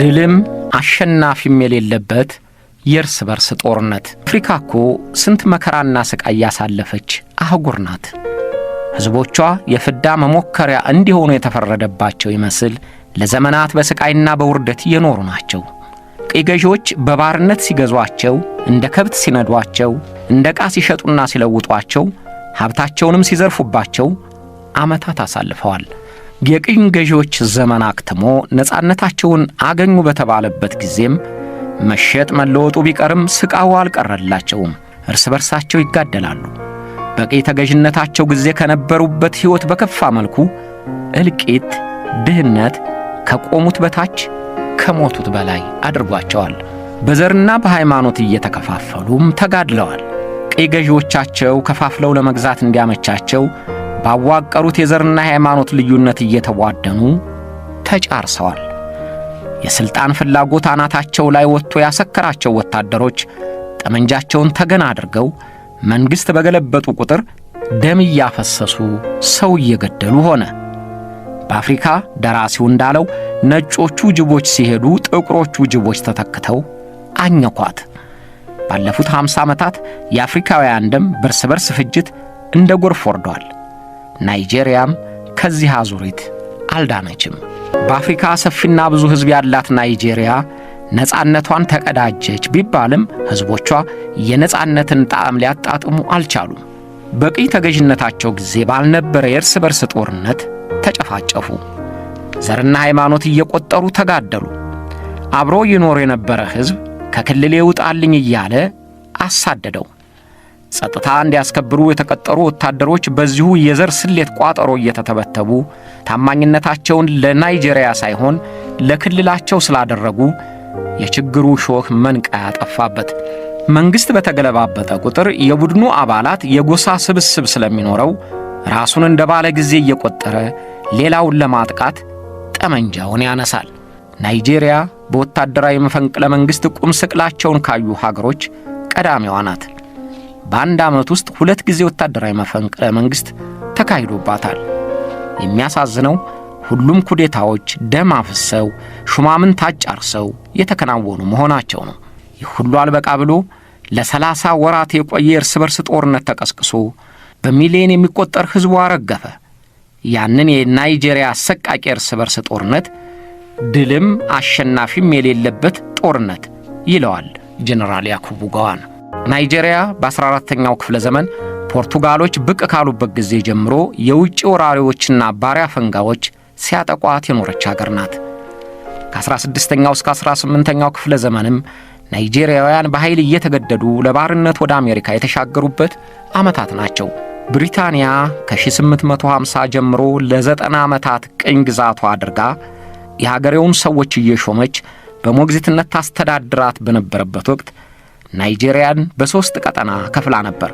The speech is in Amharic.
ድልም አሸናፊም የሌለበት የእርስ በርስ ጦርነት። አፍሪካ እኮ ስንት መከራና ስቃይ ያሳለፈች አህጉር ናት። ሕዝቦቿ የፍዳ መሞከሪያ እንዲሆኑ የተፈረደባቸው ይመስል ለዘመናት በስቃይና በውርደት እየኖሩ ናቸው። ቅኝ ገዢዎች በባርነት ሲገዟቸው፣ እንደ ከብት ሲነዷቸው፣ እንደ ዕቃ ሲሸጡና ሲለውጧቸው፣ ሀብታቸውንም ሲዘርፉባቸው ዓመታት አሳልፈዋል። የቅኝ ገዢዎች ዘመን አክትሞ ነፃነታቸውን አገኙ በተባለበት ጊዜም መሸጥ መለወጡ ቢቀርም ስቃው አልቀረላቸውም። እርስ በርሳቸው ይጋደላሉ። በቅኝ ተገዥነታቸው ጊዜ ከነበሩበት ሕይወት በከፋ መልኩ እልቂት፣ ድህነት ከቆሙት በታች ከሞቱት በላይ አድርጓቸዋል። በዘርና በሃይማኖት እየተከፋፈሉም ተጋድለዋል። ቅኝ ገዢዎቻቸው ከፋፍለው ለመግዛት እንዲያመቻቸው ባዋቀሩት የዘርና ሃይማኖት ልዩነት እየተቧደኑ ተጫርሰዋል። የሥልጣን ፍላጎት አናታቸው ላይ ወጥቶ ያሰከራቸው ወታደሮች ጠመንጃቸውን ተገና አድርገው መንግሥት በገለበጡ ቁጥር ደም እያፈሰሱ ሰው እየገደሉ ሆነ። በአፍሪካ ደራሲው እንዳለው ነጮቹ ጅቦች ሲሄዱ ጥቁሮቹ ጅቦች ተተክተው አኘኳት። ባለፉት 50 ዓመታት የአፍሪካውያን ደም በርስ በርስ ፍጅት እንደ ጎርፍ ወርዷል። ናይጄሪያም ከዚህ አዙሪት አልዳነችም። በአፍሪካ ሰፊና ብዙ ሕዝብ ያላት ናይጄሪያ ነፃነቷን ተቀዳጀች ቢባልም ሕዝቦቿ የነፃነትን ጣዕም ሊያጣጥሙ አልቻሉም። በቅኝ ተገዥነታቸው ጊዜ ባልነበረ የእርስ በርስ ጦርነት ተጨፋጨፉ። ዘርና ሃይማኖት እየቆጠሩ ተጋደሉ። አብሮ ይኖር የነበረ ሕዝብ ከክልሌ ውጣልኝ እያለ አሳደደው። ጸጥታ እንዲያስከብሩ የተቀጠሩ ወታደሮች በዚሁ የዘር ስሌት ቋጠሮ እየተተበተቡ ታማኝነታቸውን ለናይጄሪያ ሳይሆን ለክልላቸው ስላደረጉ የችግሩ ሾህ መንቃ ያጠፋበት መንግሥት በተገለባበጠ ቁጥር የቡድኑ አባላት የጎሳ ስብስብ ስለሚኖረው ራሱን እንደ ባለ ጊዜ እየቆጠረ ሌላውን ለማጥቃት ጠመንጃውን ያነሳል። ናይጄሪያ በወታደራዊ መፈንቅለ መንግሥት ቁምስቅላቸውን ካዩ ሀገሮች ቀዳሚዋ ናት። በአንድ ዓመት ውስጥ ሁለት ጊዜ ወታደራዊ መፈንቅለ መንግሥት ተካሂዶባታል። የሚያሳዝነው ሁሉም ኩዴታዎች ደም አፍሰው ሹማምንት አጫርሰው የተከናወኑ መሆናቸው ነው። ይህ ሁሉ አልበቃ ብሎ ለሰላሳ ወራት የቆየ እርስ በርስ ጦርነት ተቀስቅሶ በሚሊዮን የሚቆጠር ሕዝቡ አረገፈ። ያንን የናይጄሪያ አሰቃቂ እርስ በርስ ጦርነት ድልም አሸናፊም የሌለበት ጦርነት ይለዋል ጀኔራል ያኩቡ ገዋን። ናይጄሪያ በ14ኛው ክፍለ ዘመን ፖርቱጋሎች ብቅ ካሉበት ጊዜ ጀምሮ የውጭ ወራሪዎችና ባሪያ ፈንጋዎች ሲያጠቋት የኖረች አገር ናት። ከ16ኛው እስከ 18ኛው ክፍለ ዘመንም ናይጄሪያውያን በኃይል እየተገደዱ ለባርነት ወደ አሜሪካ የተሻገሩበት ዓመታት ናቸው። ብሪታንያ ከ1850 ጀምሮ ለ90 ዓመታት ቅኝ ግዛቷ አድርጋ የሀገሬውን ሰዎች እየሾመች በሞግዚትነት ታስተዳድራት በነበረበት ወቅት ናይጄሪያን በሦስት ቀጠና ከፍላ ነበር።